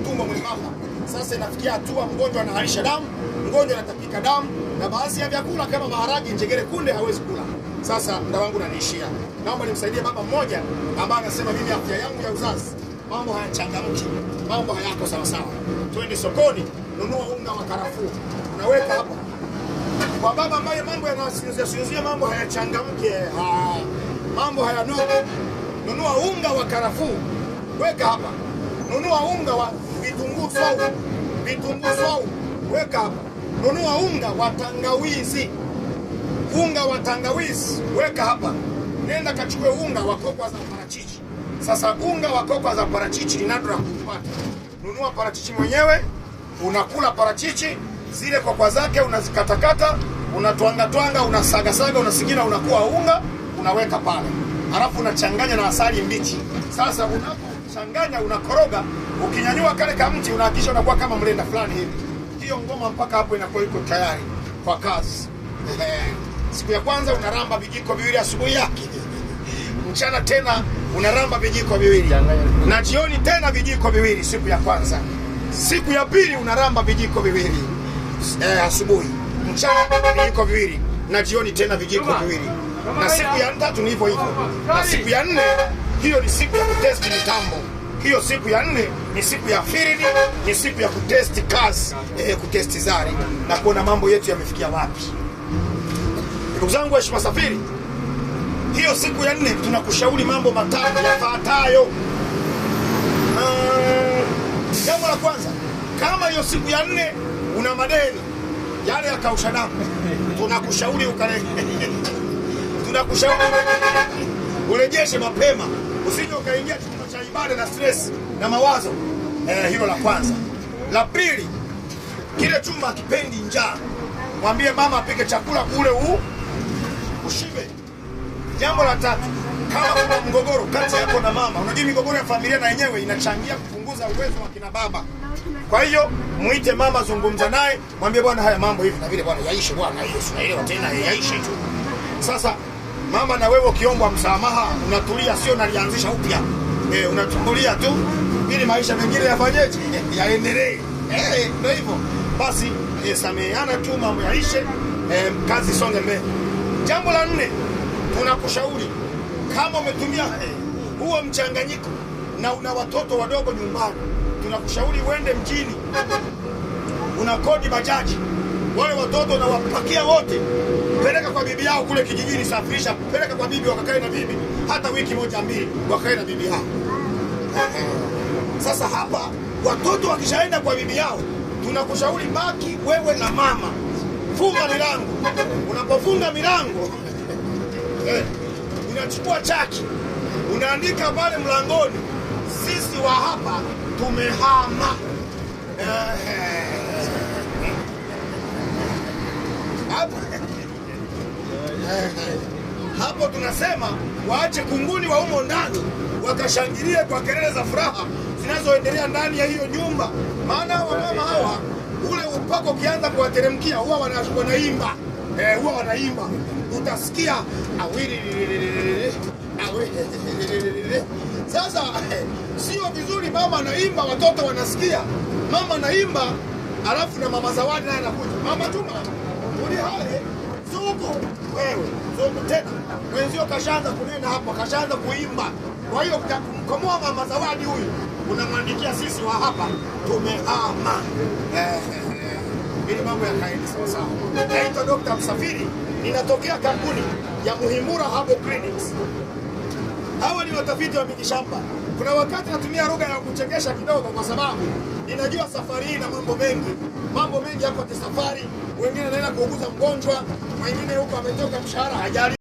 utumbo mwembamba. Sasa inafikia hatua mgonjwa anaharisha damu, mgonjwa anatapika damu, na baadhi ya vyakula kama maharage, njegere, kunde hawezi kula. Sasa muda wangu unaniishia, naomba nimsaidie baba mmoja ambaye anasema mimi afya yangu ya uzazi mambo hayachangamki, mambo hayako sawasawa. Twende sokoni, nunua unga wa karafuu, unaweka hapa kwa baba ambaye mambo yanasinzia sinzia, mambo hayachangamke, ha, mambo hayanoki. Nunua unga wa karafuu, weka hapa, nunua unga wa vitunguu saumu, vitunguu saumu weka hapa. Nunua unga wa tangawizi, unga wa tangawizi weka hapa. Nenda kachukue unga wa kokwa za parachichi. Sasa unga wa kokwa za parachichi ni nadra kupata. Nunua parachichi mwenyewe, unakula parachichi zile kokwa zake unazikatakata, unatwanga twanga, unasaga saga, unasigina, unakuwa unga, unaweka pale, halafu unachanganya na asali mbichi. Sasa unapo unachanganya, unakoroga, ukinyanyua kale ka mti unahakisha unakuwa kama mlenda fulani hivi. Hiyo ngoma mpaka hapo inakuwa iko tayari kwa kazi. Siku ya kwanza unaramba vijiko viwili asubuhi yake, mchana tena unaramba vijiko viwili na jioni tena vijiko viwili. Siku ya kwanza, siku ya pili unaramba vijiko viwili eh, asubuhi, mchana vijiko viwili na jioni tena vijiko viwili, na siku ya tatu ni hivyo hivyo, na siku ya nne hiyo ni siku ya kutesti mitambo. Hiyo siku ya nne ni siku ya firidi, ni siku ya kutesti kazi eh, kutesti zari na kuona mambo yetu yamefikia wapi. Ndugu zangu waheshima safiri, hiyo siku ya nne tunakushauri mambo matatu yafaatayo ah, Jambo la kwanza, kama hiyo siku ya nne una madeni yale yakausha damu, tunakushauri ukale tunakushauri ujizoeshe mapema, usije ukaingia chumba cha ibada na stress na mawazo eh, hilo la kwanza. La pili, kile chumba kipendi njaa, mwambie mama apike chakula kule u ushibe. Jambo la tatu, kama kuna mgogoro kati yako na mama, unajua migogoro ya familia na yenyewe inachangia kupunguza uwezo wa kina baba. Kwa hiyo muite mama, zungumza naye, mwambie bwana, haya mambo hivi na vile, bwana yaishe, bwana hiyo sinaelewa tena, yaishe tu. Sasa mama, na wewe ukiombwa msamaha unatulia, sio nalianzisha upya e, eh, unatulia tu ili maisha mengine yafanyeje, yaendelee. Eh, ndio hivyo basi, eh, sameheana tu, mambo yaishe, e, kazi songe mbele. Jambo la nne, tunakushauri kama umetumia huo mchanganyiko na una watoto wadogo nyumbani, tunakushauri uende mjini, una kodi bajaji, wale watoto unawapakia wote peleka kwa bibi yao kule kijijini, safirisha, peleka kwa bibi, wakakae na bibi hata wiki moja mbili, wakae na bibi yao. Sasa hapa watoto wakishaenda kwa bibi yao, tunakushauri baki wewe na mama, funga milango. Unapofunga milango eh, unachukua chaki unaandika pale mlangoni, sisi wa hapa tumehama. Eh, eh. tunasema waache kunguni wa umo ndani wakashangilie kwa kelele za furaha zinazoendelea ndani ya hiyo nyumba, maana wamama hawa ule upako ukianza kuwateremkia huwa wanaimba eh, huwa wanaimba, utasikia awili sasa sio vizuri, mama anaimba, watoto wanasikia, mama anaimba, alafu na mama Zawadi naye anakuja, mama tuma uli hale zuku wewe, zuku tena mwenzio kashaanza kunena hapo, kashaanza kuimba. Kwa hiyo kumkomoa Mama Zawadi huyu unamwandikia sisi wa hapa tumehama ili mambo yakaende sawa sawa. Naitwa Dokta Msafiri, ninatokea kampuni ya Muhimura Herbal Clinics. Hawa ni watafiti wa mitishamba. Kuna wakati natumia lugha ya kuchekesha kidogo, kwa sababu ninajua safari hii na mambo mengi, mambo mengi yako safari. Wengine anaenda kuuguza mgonjwa, wengine huko ametoka mshahara hajali